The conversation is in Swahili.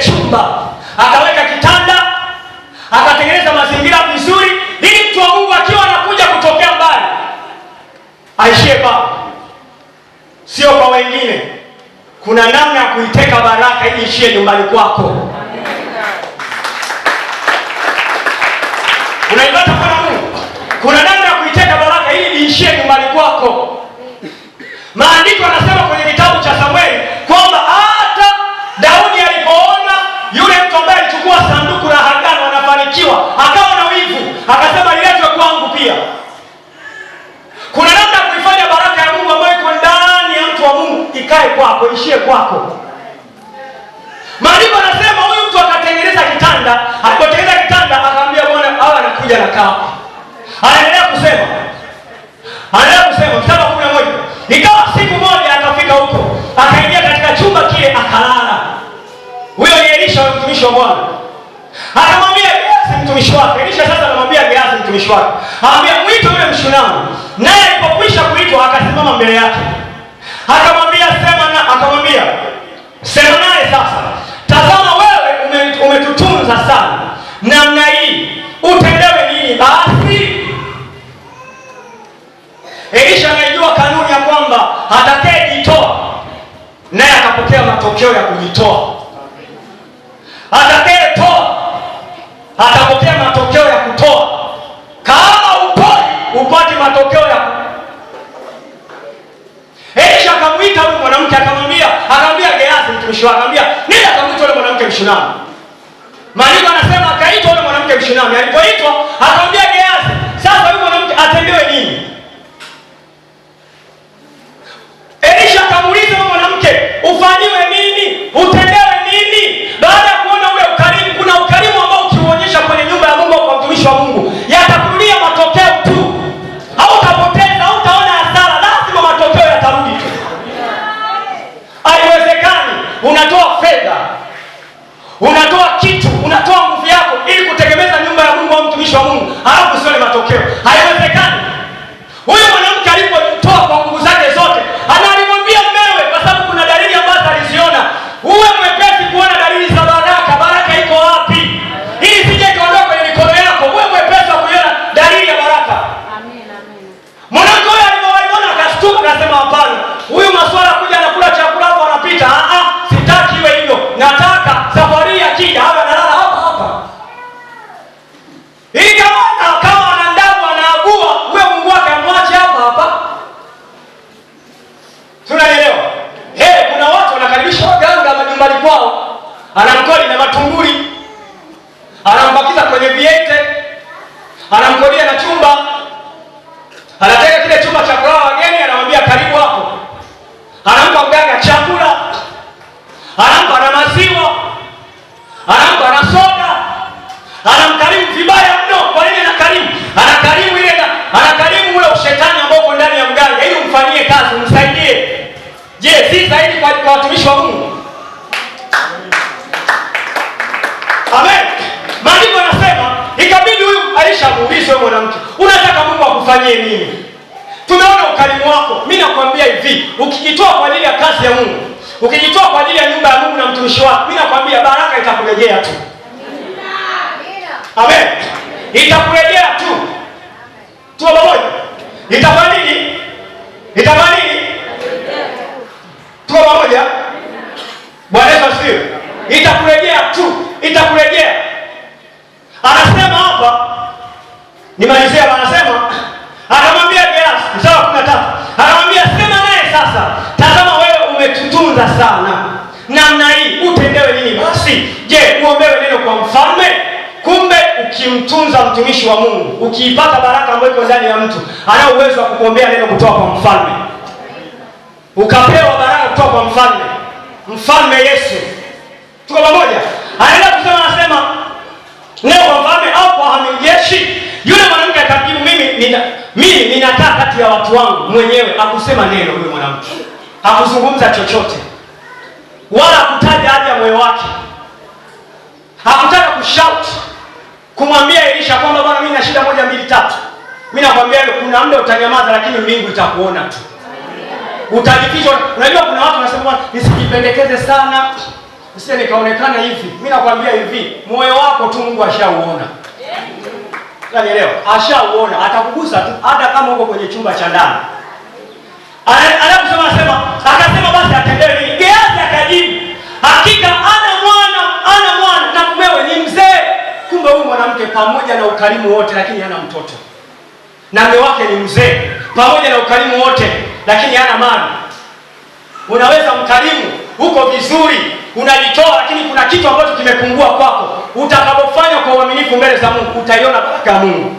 chumba, akaweka kitanda, akatengeneza mazingira vizuri, ili mtu wa Mungu akiwa anakuja kutokea mbali aishie pa, sio kwa wengine. Kuna namna ya kuiteka baraka ili ishie nyumbani kwako. Unaipata kwa Mungu. Kuna namna ya kuiteka baraka ili ishie nyumbani kwako. Maandiko yanasema ikae kwako, ishie kwako. Maandiko anasema huyu mtu akatengeneza kitanda, alipotengeneza kitanda akaambia Bwana hawa anakuja na kaa. Anaendelea kusema, anaendelea kusema kitaba kumi na moja ikawa siku moja akafika huko, akaingia katika chumba kile akalala. Huyo ni Elisha wa mtumishi wa Bwana, akamwambia Gehazi mtumishi wake. Elisha sasa anamwambia Gehazi mtumishi wake, anamwambia mwite ule mshunamu naye alipokwisha kuitwa akasimama mbele yake akamwambia sema na, akamwambia sema naye sasa, tazama wewe umetutunza sana namna hii, utendewe nini basi? Elisha anajua kanuni ya kwamba atakayejitoa naye akapokea matokeo ya kujitoa. mshinani. Maandiko anasema akaitwa yule mwanamke mshinani, Alipoitwa akamwambia Gehazi, sasa yuko unatoa kitu una anamkodi na matunguli, anambakiza kwenye viete, anamkodia na chumba anateka tukufanyie nini? Tumeona ukarimu wako. mi nakwambia hivi, ukijitoa kwa ajili ya kazi ya Mungu, ukijitoa kwa ajili ya nyumba ya Mungu na mtumishi wako, mi nakwambia baraka itakurejea tu. Amen, itakurejea tu. unavuta sana namna hii, utendewe nini basi? Je, uombewe neno kwa mfalme? Kumbe ukimtunza mtumishi wa Mungu, ukiipata baraka ambayo iko ndani ya mtu, ana uwezo wa kukuombea neno kutoka kwa mfalme, ukapewa baraka kutoka kwa mfalme. Mfalme Yesu, tuko pamoja? Anaenda kusema, anasema neno kwa mfalme au kwa hamjeshi. Yule mwanamke akamjibu, mimi nina mimi ninataka kati ya watu wangu mwenyewe. Akusema neno yule mwanamke, hakuzungumza chochote wala hakutaja haja ya moyo wake. Hakutaka kushout kumwambia Elisha kwamba bwana, mimi na shida moja mbili tatu. Mimi nakwambia hiyo, kuna muda utanyamaza, lakini mbingu itakuona tu, utajificha. Unajua kuna watu wanasema bwana, nisijipendekeze sana, nisije nikaonekana hivi. Mimi nakwambia hivi, moyo wako tu Mungu ashauona, unanielewa? Ashauona, atakugusa tu, hata kama uko kwenye chumba cha ndani. Anaposema anasema, akasema basi atendewe Hakika ana mwana ana mwana na mumewe ni mzee, kumbe huyu mwanamke pamoja na ukarimu wote, lakini hana mtoto, na mume wake ni mzee pamoja na ukarimu wote, lakini hana mali. Unaweza mkarimu, uko vizuri, unajitoa, lakini kuna kitu ambacho kimepungua kwako. Utakapofanya kwa uaminifu mbele za Mungu, utaiona baraka ya Mungu.